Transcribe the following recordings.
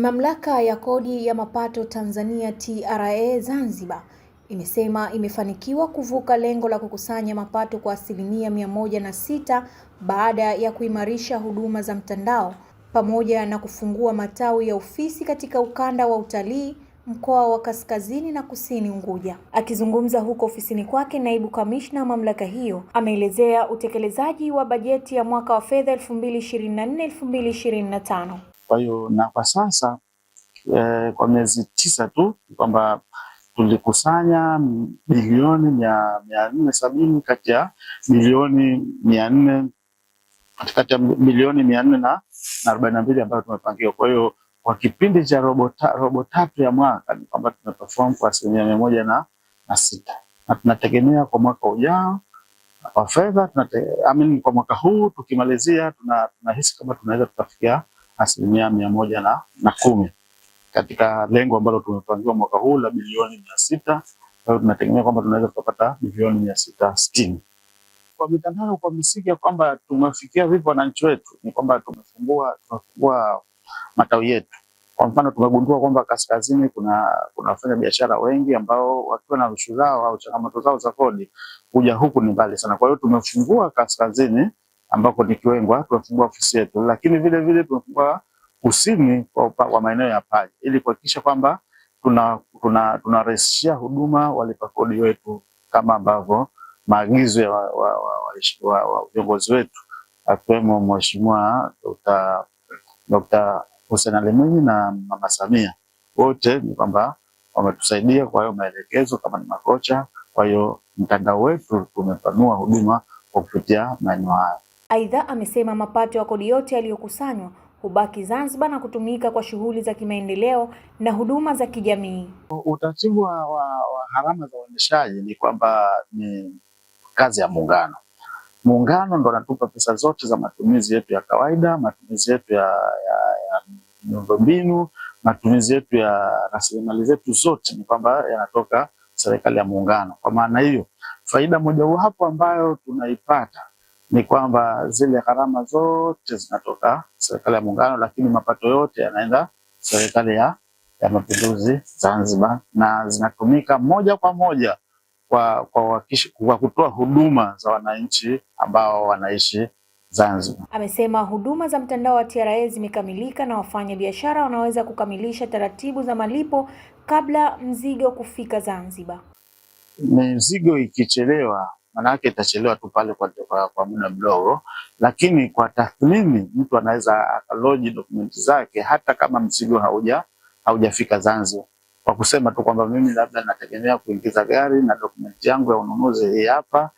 Mamlaka ya Kodi ya Mapato Tanzania TRA Zanzibar imesema imefanikiwa kuvuka lengo la kukusanya mapato kwa asilimia mia moja na sita baada ya kuimarisha huduma za mtandao pamoja na kufungua matawi ya ofisi katika ukanda wa utalii mkoa wa Kaskazini na Kusini Unguja. Akizungumza huko ofisini kwake, naibu kamishna wa mamlaka hiyo ameelezea utekelezaji wa bajeti ya mwaka wa fedha 2024/2025. Kwa hiyo na kwa sasa eh, kwa miezi tisa tu kwamba tulikusanya bilioni mia nne sabini kati ya bilioni mia nne kati ya bilioni mia nne na arobaini na mbili ambayo tumepangiwa. Kwa hiyo kwa kipindi cha robo tatu ya mwaka ni kwamba tumeperform kwa asilimia mia moja na, na sita na tunategemea kwa mwaka ujao wa fedha kwa mwaka huu tukimalizia tunahisi tuna kama tunaweza tukafikia asilimia mia moja na, na kumi katika lengo ambalo tumepangiwa mwaka huu la bilioni mia sita ao tunategemea kwamba tunaweza tukapata bilioni mia sita sitini kwa mitandao kwa misingi kwamba tumefikia vipi wananchi wetu, ni kwamba tumefungua tumefungua matawi yetu. Kwa mfano, tumegundua kwamba kaskazini kuna kuna wafanya biashara wengi ambao wakiwa na rushu zao au changamoto zao za kodi kuja huku ni mbali sana. Kwa hiyo tumefungua kaskazini ambako ni Kiwengwa, tunafungua ofisi yetu, lakini vile vile tunafungua kusini kwa, kwa maeneo ya pale ili kuhakikisha kwamba tunarahisishia tuna, tuna huduma walipa kodi wetu kama ambavyo maagizo ya viongozi wa, wa, wa, wa, wetu akiwemo Mheshimiwa Dr. Hussein Ali Mwinyi na Mama Samia wote ni kwamba wametusaidia kwa hayo maelekezo kama ni makocha. Kwa hiyo mtandao wetu tumepanua huduma kwa kupitia maeneo hayo. Aidha, amesema mapato ya kodi yote yaliyokusanywa hubaki Zanzibar na kutumika kwa shughuli za kimaendeleo na huduma za kijamii. Utaratibu wa, wa gharama za uendeshaji ni kwamba ni kazi ya Muungano. Muungano ndo anatupa pesa zote za matumizi yetu ya kawaida, matumizi yetu ya, ya, ya miundombinu, matumizi yetu ya rasilimali zetu zote ni kwamba yanatoka serikali ya Muungano. Kwa maana hiyo, faida mojawapo ambayo tunaipata ni kwamba zile gharama zote zinatoka serikali ya Muungano, lakini mapato yote yanaenda serikali ya, ya Mapinduzi Zanzibar na zinatumika moja kwa moja kwa, kwa, kwa kutoa huduma za wananchi ambao wanaishi Zanzibar. Amesema huduma za mtandao wa TRA zimekamilika na wafanyabiashara wanaweza kukamilisha taratibu za malipo kabla mzigo kufika Zanzibar. Mizigo ikichelewa maanake itachelewa tu pale kwa, kwa, kwa muda mdogo, lakini kwa tathmini mtu anaweza akaloji dokumenti zake hata kama mzigo hauja haujafika Zanzibar, kwa kusema tu kwamba mimi labda nategemea kuingiza gari na dokumenti yangu ya ununuzi hii hapa,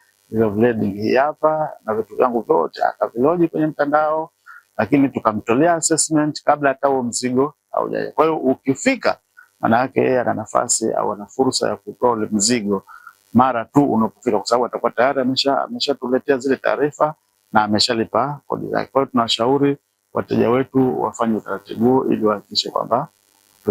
hii hapa na vitu vyangu vyote, akaviloji kwenye mtandao, lakini tukamtolea assessment kabla hata huo mzigo haujaja. Kwa hiyo ukifika, maana yake yeye ana nafasi au ana fursa ya kutoa ule mzigo mara tu unapofika, kwa sababu atakuwa tayari ameshatuletea zile taarifa na ameshalipa kodi zake. Kwa hiyo tunashauri wateja wetu wafanye utaratibu huo ili wahakikishe kwamba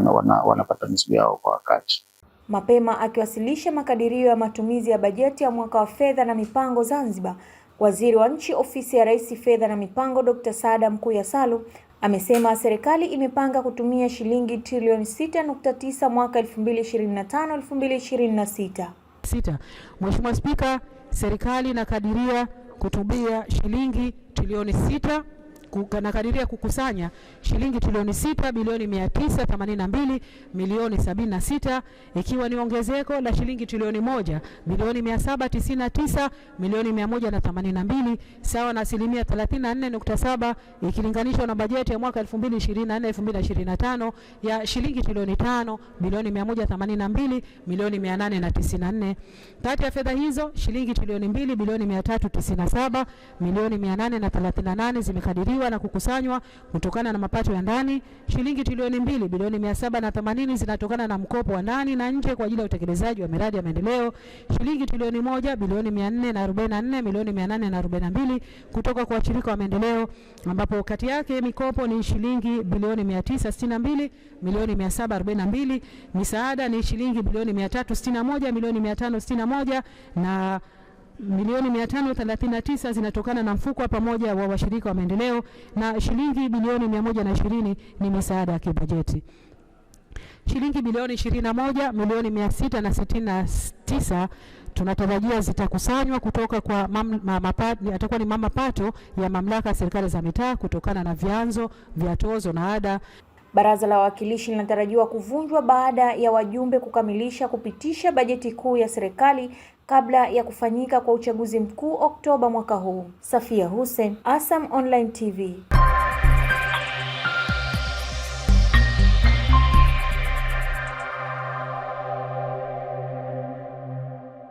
wana, wanapata mizigo yao kwa wakati. Mapema akiwasilisha makadirio ya matumizi ya bajeti ya mwaka wa fedha na mipango Zanzibar, Waziri wa Nchi Ofisi ya Rais Fedha na Mipango, Dr. Saada Mkuya Salu amesema serikali imepanga kutumia shilingi trilioni 6.9 mwaka 2025-2026. Sita. Mheshimiwa Spika, serikali inakadiria kutumia shilingi trilioni sita anakadiria kukusanya shilingi trilioni sita bilioni mia tisa na mbili milioni sabini na sita ikiwa ni ongezeko la shilingi trilioni moja bilioni mia saba tisini na tisa milioni mia moja na na mbili sawa na asilimia thelathini na nne nukta saba ikilinganishwa na bajeti ya mwaka elfu mbili ishirini na nne elfu mbili ishirini na tano ya shilingi trilioni tano bilioni mia moja na mbili milioni mia nane na tisini na nne Kati ya fedha hizo shilingi trilioni mbili bilioni mia tatu tisini na saba milioni mia nane na thelathini na nane zimekadiriwa kuhifadhiwa na kukusanywa kutokana na mapato ya ndani. Shilingi trilioni mbili bilioni mia saba na themanini zinatokana na mkopo wa ndani na nje kwa ajili ya utekelezaji wa miradi ya maendeleo. Shilingi trilioni moja bilioni mia nne na arobaini na nne milioni mia nane na arobaini na mbili kutoka kwa washirika wa maendeleo, ambapo kati yake mikopo ni shilingi bilioni mia tisa sitini na mbili milioni mia saba arobaini na mbili misaada ni shilingi bilioni mia tatu sitini na moja milioni mia tano sitini na moja na milioni 539 zinatokana na mfuko wa pamoja wa washirika wa maendeleo na shilingi bilioni 120 ni misaada ya kibajeti. Shilingi bilioni 21 milioni 669 tunatarajia zitakusanywa kutoka kwa atakuwa ni mama pato ya mamlaka ya serikali za mitaa kutokana na vyanzo vya tozo na ada. Baraza la Wawakilishi linatarajiwa kuvunjwa baada ya wajumbe kukamilisha kupitisha bajeti kuu ya serikali kabla ya kufanyika kwa uchaguzi mkuu Oktoba mwaka huu. Safia Hussein, Asam Online TV.